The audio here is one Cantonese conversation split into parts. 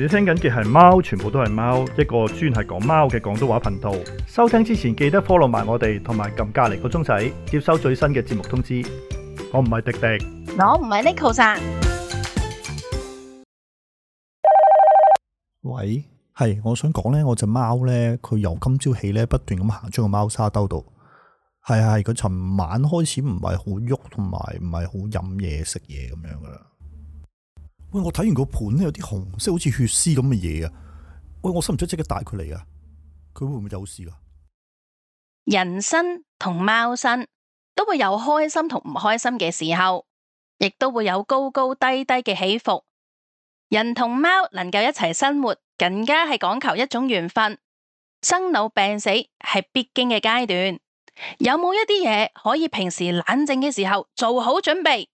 你聽緊嘅係貓，全部都係貓，一個專係講貓嘅廣東話頻道。收聽之前記得 follow 埋我哋，同埋撳隔籬個鐘仔，接收最新嘅節目通知。我唔係迪迪，我唔係 Nico。喂，係我想講呢，我隻貓呢，佢由今朝起呢，不斷咁行咗個貓沙兜度。係係係，佢尋晚開始唔係好喐，同埋唔係好飲嘢食嘢咁樣噶啦。喂，我睇完個盤有啲紅色，好似血絲咁嘅嘢啊！喂，我使唔使即刻帶佢嚟啊？佢會唔會有事啊？人生同貓生都會有開心同唔開心嘅時候，亦都會有高高低低嘅起伏。人同貓能夠一齊生活，更加係講求一種緣分。生老病死係必經嘅階段，有冇一啲嘢可以平時冷靜嘅時候做好準備，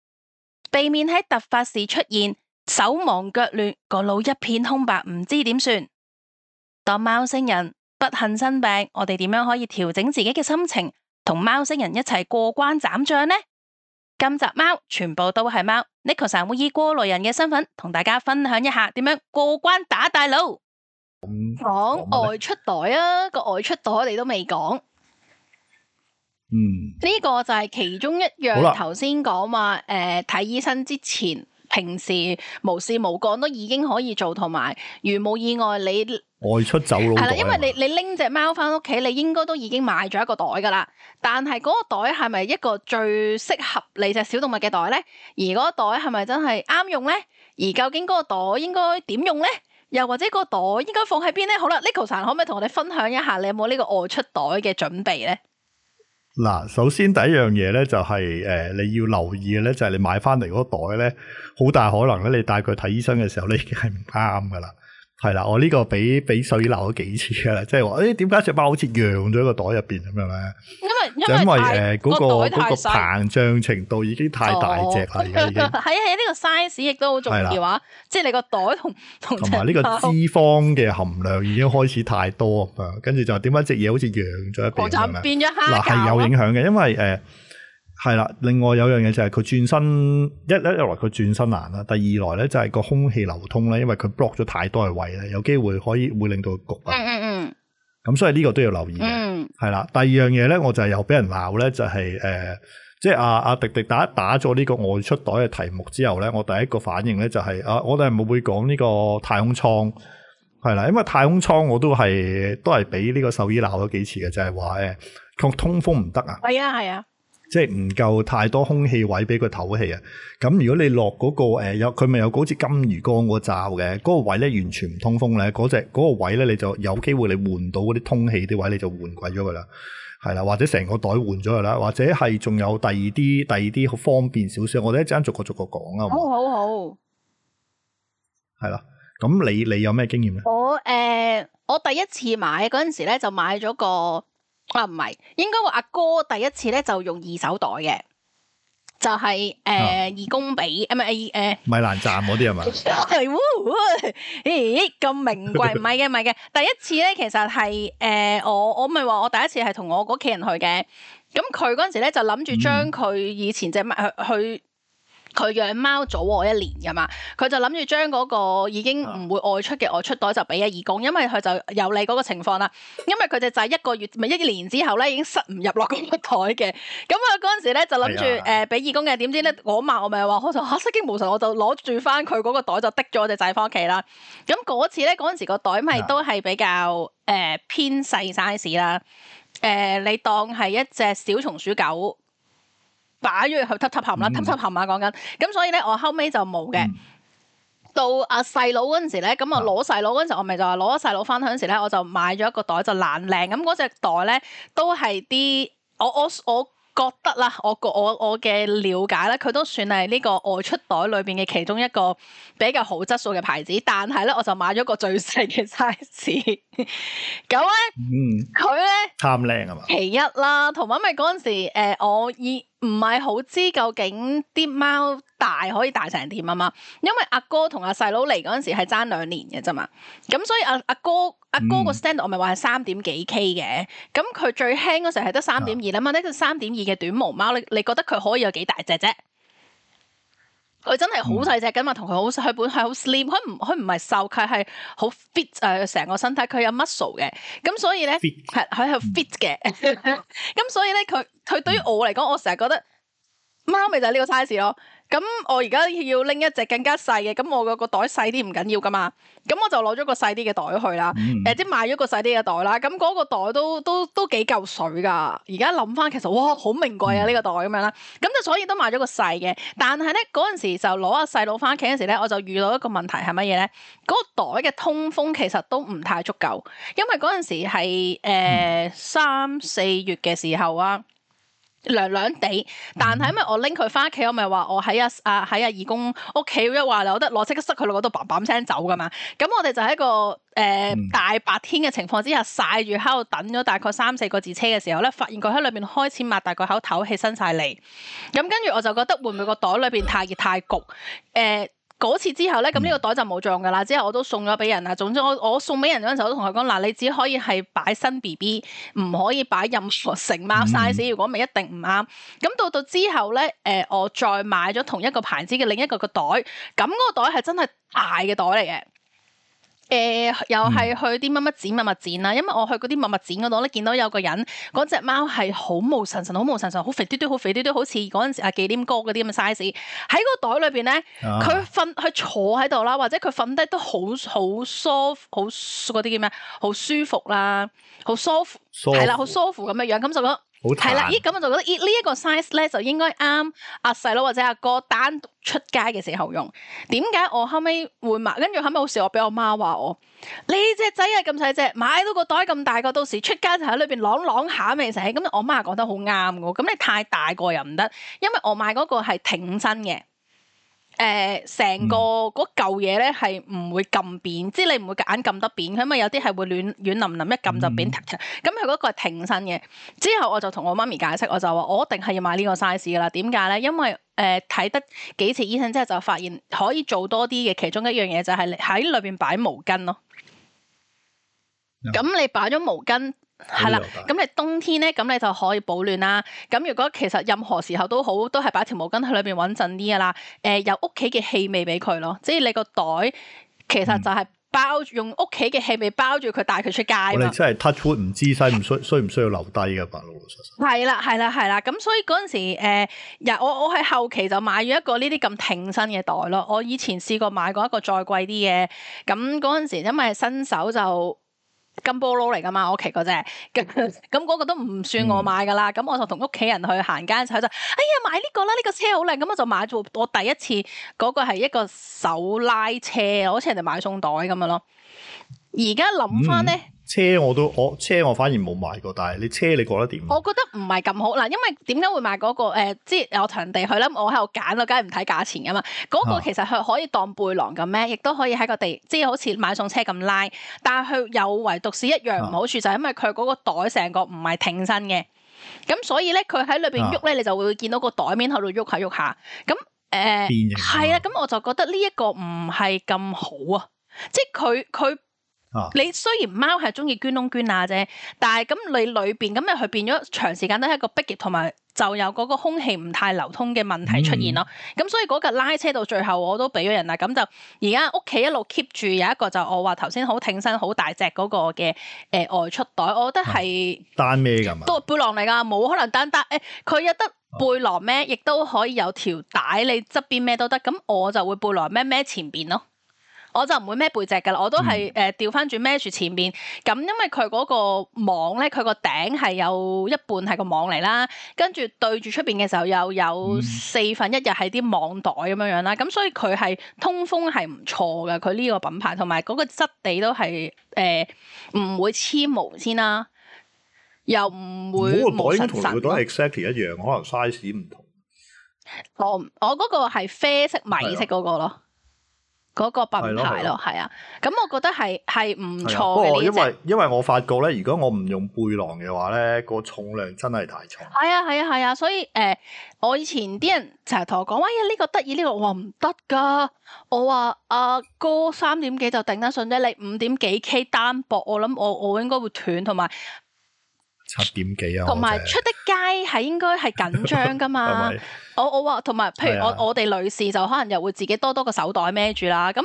避免喺突發時出現？手忙腳亂，個腦一片空白，唔知點算。當貓星人不幸生病，我哋點樣可以調整自己嘅心情，同貓星人一齊過關斬將呢？今集貓全部都係貓，NekoChing 會以過來人嘅身份同大家分享一下點樣過關打大佬。講、嗯嗯、外出袋啊，個外出袋你都未講。嗯，呢個就係其中一樣。頭先講話，誒，睇、呃、醫生之前。平時無事無幹都已經可以做，同埋如冇意外你外出走路。係啦，因為你你拎隻貓返屋企，你應該都已經買咗一個袋噶啦。但係嗰個袋係咪一個最適合你隻小動物嘅袋咧？而嗰個袋係咪真係啱用咧？而究竟嗰個袋應該點用咧？又或者嗰個袋應該放喺邊咧？好啦，Nicholas，可唔可以同我哋分享一下你有冇呢個外出袋嘅準備咧？嗱，首先第一樣嘢咧就係、是、誒、呃、你要留意嘅咧就係你買翻嚟嗰袋咧，好大可能咧，你帶佢睇醫生嘅時候咧，已經係唔啱噶啦。係啦，我呢個俾俾水流咗幾次噶啦，即係話誒，點解隻包好似揚咗個袋入邊咁樣咧？咁啊，因為誒，嗰個個膨脹程度已經太大隻啦，而家係啊，呢個 size 亦都好重要啊。即係你個袋同同埋呢個脂肪嘅含量已經開始太多咁，跟住就點解隻嘢好似揚咗一邊咁，嗱，係有影響嘅，因為誒。係啦，另外有樣嘢就係佢轉身，一一來佢轉身難啦。第二來咧就係個空氣流通咧，因為佢 block 咗太多嘅位咧，有機會可以會令到焗啊、嗯。嗯嗯嗯。咁所以呢個都要留意嘅。嗯嗯。係啦，第二樣嘢咧，我就係又俾人鬧咧、就是呃，就係、是、誒、啊，即係阿阿迪迪打打咗呢個外出袋嘅題目之後咧，我第一個反應咧就係、是、啊，我哋冇會講呢個太空艙，係啦，因為太空艙我都係都係俾呢個獸醫鬧咗幾次嘅，就係話誒，佢、呃、通風唔得啊。係啊係啊。即係唔夠太多空氣位俾佢透氣啊！咁如果你落嗰、嗰個、呃、有佢咪有好似金魚缸嗰罩嘅嗰、嗰個位咧，完全唔通風咧，嗰隻嗰個位咧，你就有機會你換到嗰啲通氣啲位，你就換鬼咗佢啦，係啦，或者成個袋換咗佢啦，或者係仲有第二啲第二啲好方便少少，我哋一陣間逐個逐個講啊！好，好好好，係啦，咁你你有咩經驗咧？我誒、呃、我第一次買嗰陣時咧，就買咗個。啊，唔係，應該話阿哥第一次咧就用二手袋嘅，就係、是、誒、呃啊、二公比，唔係誒誒米蘭站嗰啲係咪？係 是吧，咦 咁名貴？唔係嘅，唔係嘅。第一次咧，其實係誒、呃、我我唔係話我第一次係同我屋企人去嘅，咁佢嗰陣時咧就諗住將佢以前只物去去。去佢養貓早我一年噶嘛，佢就諗住將嗰個已經唔會外出嘅外出袋就俾啊義工，因為佢就有你嗰個情況啦。因為佢隻仔一個月咪 一年之後咧已經塞唔入落嗰個袋嘅，咁啊嗰陣時咧就諗住誒俾義工嘅，點、哎、呀知咧我媽我咪話，好就嚇失驚無神，我就攞住翻佢嗰個袋就滴咗我隻仔翻屋企啦。咁嗰次咧嗰陣時個袋咪都係比較誒、呃、偏細 size 啦，誒、呃、你當係一隻小松鼠狗。擺咗去揼揼冚啦，揼揼冚啊！講緊，咁所以咧，我後尾就冇嘅。嗯、到阿細佬嗰陣時咧，咁啊攞細佬嗰陣時，我咪就話攞咗細佬翻去嗰陣時咧，我就買咗一個袋就懶靚。咁嗰隻袋咧都係啲，我我我覺得啦，我個我我嘅了解咧，佢都算係呢個外出袋裏邊嘅其中一個比較好質素嘅牌子。但係咧，我就買咗個最細嘅 size。咁 咧呢，嗯，佢咧貪靚啊嘛。其一啦，同埋咪嗰陣時，誒、呃、我以，唔係好知究竟啲貓大可以大成點啊嘛，因為阿哥同阿細佬嚟嗰陣時係爭兩年嘅啫嘛，咁所以阿、啊、阿哥阿、嗯、哥個 stand 我咪話係三點幾 K 嘅，咁佢最輕嗰時係得三點二啦嘛，呢個三點二嘅短毛貓，你你覺得佢可以有幾大隻啫？佢真係好細隻㗎嘛，同佢好佢本係好 slim，佢唔佢唔係瘦，佢係好 fit 誒成個身體，佢有 muscle 嘅，咁所以咧佢係 fit 嘅，咁 所以咧佢佢對於我嚟講，我成日覺得貓咪就係呢個 size 咯。咁我而家要拎一隻更加細嘅，咁我個袋細啲唔緊要噶嘛，咁我就攞咗個細啲嘅袋去啦，誒即係買咗個細啲嘅袋啦，咁嗰個袋都都都幾嚿水噶，而家諗翻其實哇好名貴啊呢個袋咁樣啦，咁就所以都買咗個細嘅，但係咧嗰陣時就攞阿細佬翻屋企嗰陣時咧，我就遇到一個問題係乜嘢咧？嗰個袋嘅通風其實都唔太足夠，因為嗰陣時係誒三四月嘅時候啊。涼涼地，但係因為我拎佢翻屋企，嗯、我咪話我喺阿阿喺阿義工屋企一話咧，我得攞即刻塞佢落嗰度，砰砰聲走噶嘛。咁我哋就喺一個、呃、大白天嘅情況之下晒住喺度等咗大概三四個字車嘅時候咧，發現佢喺裏面開始擘大個口唞氣，伸晒脷。咁跟住我就覺得會唔會個袋裏邊太熱太焗？誒、呃。嗰次之後咧，咁呢、嗯、個袋就冇作用噶啦，之後我都送咗俾人啦。總之我我送俾人嗰陣時，我都同佢講：嗱、啊，你只可以係擺新 B B，唔可以擺任何成貓 size，嗯、如果唔係一定唔啱。咁到到之後咧，誒、呃、我再買咗同一個牌子嘅另一個個袋，這個袋，的的袋，咁個袋係真係大嘅袋嚟嘅。誒、呃、又係去啲乜乜展、乜乜展啦，因為我去嗰啲乜乜展嗰度咧，見到有個人，嗰隻貓係好毛神神、好毛神神、好肥嘟嘟、好肥嘟嘟，好似嗰陣時阿忌廉哥嗰啲咁嘅 size。喺個袋裏邊咧，佢瞓，佢坐喺度啦，或者佢瞓低都好好 s o 好嗰啲叫咩？好舒服啦，好 s o 係啦，好 s o f 咁嘅樣。咁就係啦，咦，咁我就覺得呢一個 size 咧就應該啱阿細佬或者阿、啊、哥單獨出街嘅時候用。點解我後尾換埋，跟住後尾好笑，我俾我媽話我，你隻仔係咁細隻，買到個袋咁大個，到時出街就喺裏邊啷啷下未成？咁我媽講得好啱喎，咁你太大個又唔得，因為我買嗰個係挺身嘅。誒成、呃、個嗰嚿嘢咧係唔會撳扁，即係、嗯、你唔會夾硬撳得扁。佢咪有啲係會軟軟淋淋，一撳就扁。咁佢嗰個挺身嘅。之後我就同我媽咪解釋，我就話我一定係要買個呢個 size 㗎啦。點解咧？因為誒睇得幾次醫生之後就發現可以做多啲嘅。其中一樣嘢就係喺裏邊擺毛巾咯。咁有你擺咗毛巾。係啦，咁你冬天咧，咁你就可以保暖啦。咁如果其實任何時候都好，都係擺條毛巾去裏邊穩陣啲噶啦。誒、呃，有屋企嘅氣味俾佢咯，即係你個袋其實就係包住，嗯、用屋企嘅氣味包住佢，帶佢出街。你真係 touch wood 唔知需唔需需唔需要留低嘅白露露。係啦，係啦，係啦。咁所以嗰陣時，誒、呃，我我喺後期就買咗一個呢啲咁挺身嘅袋咯。我以前試過買過一個再貴啲嘅，咁嗰陣時因為新手就。金菠蘿嚟噶嘛，我屋企嗰隻，咁 嗰個都唔算我買噶啦，咁、嗯、我就同屋企人去行街嗰陣、嗯，哎呀買呢個啦，呢、呢個車好靚，咁我就買咗，我第一次嗰、嗰個係一個手拉車，好似人哋買餸袋咁樣咯。而家諗翻咧。嗯嗯車我都，我車我反而冇買過，但係你車你覺得點？我覺得唔係咁好嗱，因為點解會買嗰、那個、呃、即係我同人哋去咧，我喺度揀咯，梗係唔睇價錢噶嘛。嗰、那個其實佢可以當背囊咁咩，亦都可以喺個地，即係好似買餸車咁拉。但係佢又唯獨是一樣唔好處，就係、啊、因為佢嗰個袋成個唔係挺身嘅，咁所以咧佢喺裏邊喐咧，啊、你就會見到個袋面喺度喐下喐下。咁誒係啊，咁、呃、我就覺得呢一個唔係咁好啊，即係佢佢。你雖然貓係中意捐窿捐啊啫，但係咁你裏邊咁咪，佢變咗長時間都係一個逼極，同埋就有嗰個空氣唔太流通嘅問題出現咯。咁、嗯、所以嗰架拉車到最後我都俾咗人啦。咁就而家屋企一路 keep 住有一個就我話頭先好挺身好大隻嗰個嘅誒外出袋，我覺得係單咩咁啊？背，都背囊嚟噶，冇可能單單誒，佢、欸、有得背囊咩？亦都可以有條帶你側邊孭都得。咁我就會背囊孭孭前邊咯。我就唔會孭背脊嘅啦，我都係誒、呃、調翻轉孭住前面，咁因為佢嗰個網咧，佢個頂係有一半係個網嚟啦，跟住對住出邊嘅時候又有四分一日係啲網袋咁樣樣啦。咁所以佢係通風係唔錯嘅。佢呢個品牌同埋嗰個質地都係誒唔會黐毛先啦、啊，又唔會冇同你嗰個都係 exactly 一樣，可能 size 唔同。哦、我我嗰個係啡色米色嗰個咯。嗰個品牌咯，係啊，咁我覺得係係唔錯嘅。因為因為我發覺咧，如果我唔用背囊嘅話咧，個重量真係太重。係啊係啊係啊，所以誒、呃，我以前啲人成日同我講，喂，呢、呢個得意呢個，我唔得㗎。我話阿哥，三點幾就頂得順啫，你五點幾 K 單薄，我諗我我應該會斷同埋。七點幾啊！同埋出得街係應該係緊張噶嘛？我我話同埋，譬如我是的 我哋女士就可能又會自己多多個手袋孭住啦。咁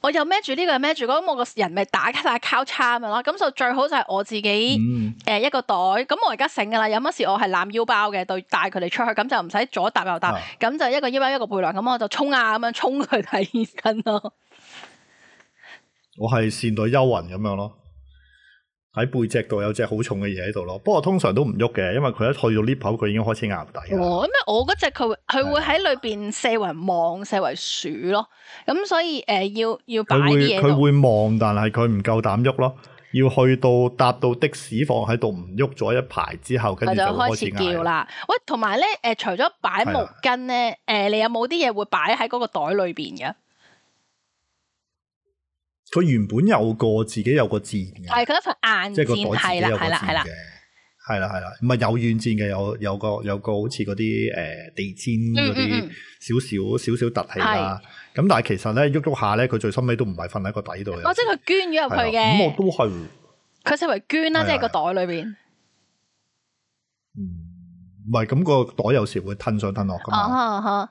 我又孭住呢個又孭住，咁我個人咪打，打打交叉咪咯。咁就最好就係我自己誒、嗯呃、一個袋。咁我而家醒噶啦，有乜事我係攬腰包嘅，對帶佢哋出去，咁就唔使左搭右搭。咁、啊、就一個腰包一個背囊，咁我就衝啊咁樣衝去睇醫生咯。我係善待幽魂咁樣咯。喺背脊度有隻好重嘅嘢喺度咯，不過通常都唔喐嘅，因為佢一去到呢口，佢已經開始咬底啦。哦、我咁啊，我嗰隻佢佢會喺裏邊四圍望，四圍鼠咯。咁、嗯、所以誒、呃、要要擺啲嘢。佢會望，但係佢唔夠膽喐咯。要去到搭到的士放喺度唔喐咗一排之後，跟住就開始叫啦。喂的，同埋咧，誒、呃，除咗擺毛巾咧，誒、呃，你有冇啲嘢會擺喺嗰個袋裏邊嘅？佢原本有個自己有個墊，嘅，係佢覺得佢硬即係個袋啦，係啦係啦，係啦係啦，唔係有軟墊嘅，有有個有個好似嗰啲誒地氈嗰啲少少少少凸起啦。咁但係其實咧，喐喐下咧，佢最深尾都唔係瞓喺個底度，我知佢捐咗入去嘅。咁我都係佢作為捐啦，即係個袋裏邊。嗯，唔係咁，個袋有時會吞上吞落噶嘛。哦哦哦，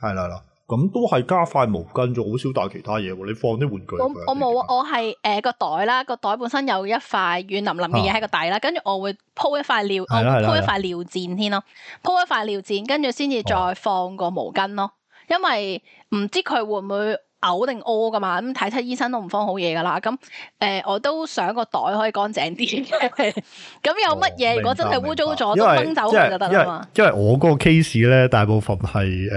係啦啦。咁都係加塊毛巾，仲好少帶其他嘢喎。你放啲玩具？我冇啊。我係誒個袋啦，個袋本身有一塊軟淋淋嘅嘢喺個底啦，跟住、啊、我會鋪一塊尿，我鋪一塊尿墊先咯，鋪一塊尿墊，跟住先至再放個毛巾咯，因為唔知佢會唔會。嘔定屙噶嘛，咁睇出醫生都唔放好嘢噶啦。咁、呃、誒，我都想個袋可以乾淨啲。咁有乜嘢？如果真係污糟咗，都掹走佢就得啦嘛。因為我嗰個 case 咧，大部分係誒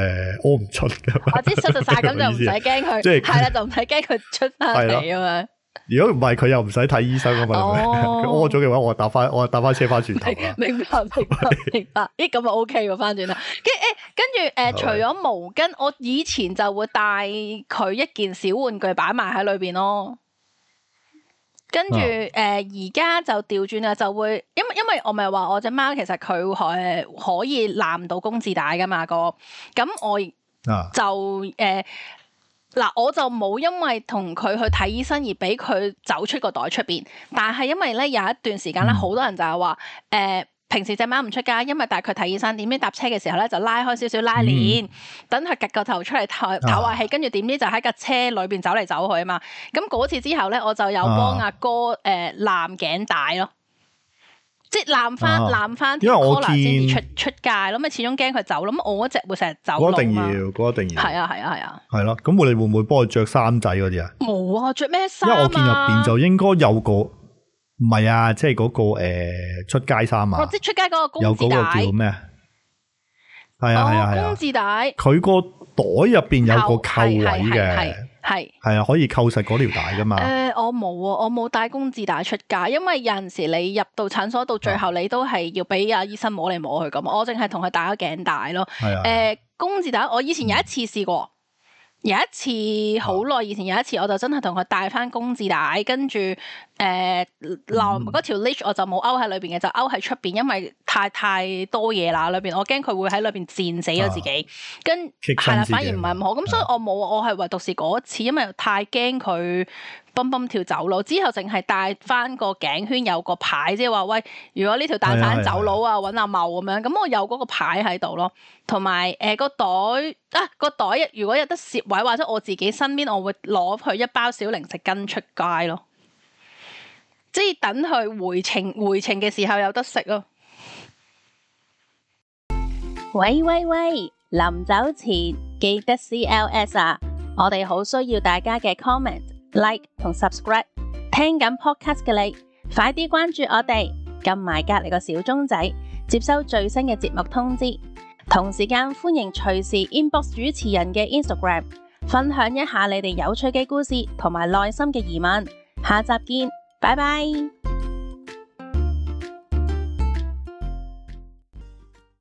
屙唔出嘅。或者實實晒咁就唔使驚佢。係啦，就唔使驚佢出翻嚟咁樣。如果唔係佢又唔使睇醫生噶嘛，佢屙咗嘅話我就打，我搭翻我搭翻車翻轉頭，明。明白明白明白，咦咁啊 OK 喎，翻轉啦。跟住誒，跟住誒，除咗毛巾， 我以前就會帶佢一件小玩具擺埋喺裏邊咯。跟住誒，而、呃、家就調轉啦，就會因為因為我咪話我隻貓其實佢可可以攬到工字帶噶嘛，個。咁我就誒。啊嗱，我就冇因為同佢去睇醫生而俾佢走出個袋出邊，但係因為咧有一段時間咧，好多人就係話，誒、嗯呃，平時隻貓唔出街，因為帶佢睇醫生，點知搭車嘅時候咧就拉開少少拉鏈，嗯、等佢夾個頭出嚟透透下氣，跟住點知就喺架車裏邊走嚟走去啊嘛，咁嗰次之後咧，我就有幫阿哥誒攬、啊呃、頸帶咯。攬翻攬翻，因為我見出出街，咁咪始終驚佢走咯，咁我嗰隻會成日走路嘛。嗰一定要，嗰一定要。係啊係啊係啊。係咯、啊，咁我哋會唔會幫佢着衫仔嗰啲啊？冇啊，着咩衫？因為我見入邊就應該有個，唔係啊，即係嗰個呃出街衫啊。即係出街嗰個，有嗰個叫咩？係啊係啊係啊。工字、哦啊、帶。佢個袋入邊有個扣位嘅。哦係，係啊，可以扣實嗰條帶噶嘛？誒、呃，我冇啊，我冇帶工字帶出街，因為有陣時你入到診所到最後，你都係要俾阿醫生摸嚟摸去咁。我淨係同佢戴咗頸帶咯。誒，工字帶，呃、帶我以前有一次試過，有一次好耐以前有一次，我就真係同佢戴翻工字帶，跟住。誒，嗱嗰、嗯、條 leash 我就冇勾喺裏邊嘅，就勾喺出邊，因為太太多嘢啦。裏邊我驚佢會喺裏邊戰死咗自己，啊、跟係啦，踢身 的反而唔係咁好。咁、啊、所以我冇，我係唯獨是嗰次，因為太驚佢崩崩跳走佬。之後淨係帶翻個頸圈有個牌，即係話喂，如果呢條蛋散走佬、呃那個、啊，揾阿茂咁樣。咁我有嗰個牌喺度咯，同埋誒個袋啊個袋，如果有得攝位或者我自己身邊，我會攞佢一包小零食跟出街咯。即係等佢回程回程嘅時候有得食咯、啊。喂喂喂！臨走前記得 CLS 啊！我哋好需要大家嘅 comment、like 同 subscribe。聽緊 podcast 嘅你，快啲關注我哋，撳埋隔籬個小鐘仔，接收最新嘅節目通知。同時間歡迎隨時 inbox 主持人嘅 Instagram，分享一下你哋有趣嘅故事同埋內心嘅疑問。下集見。拜拜。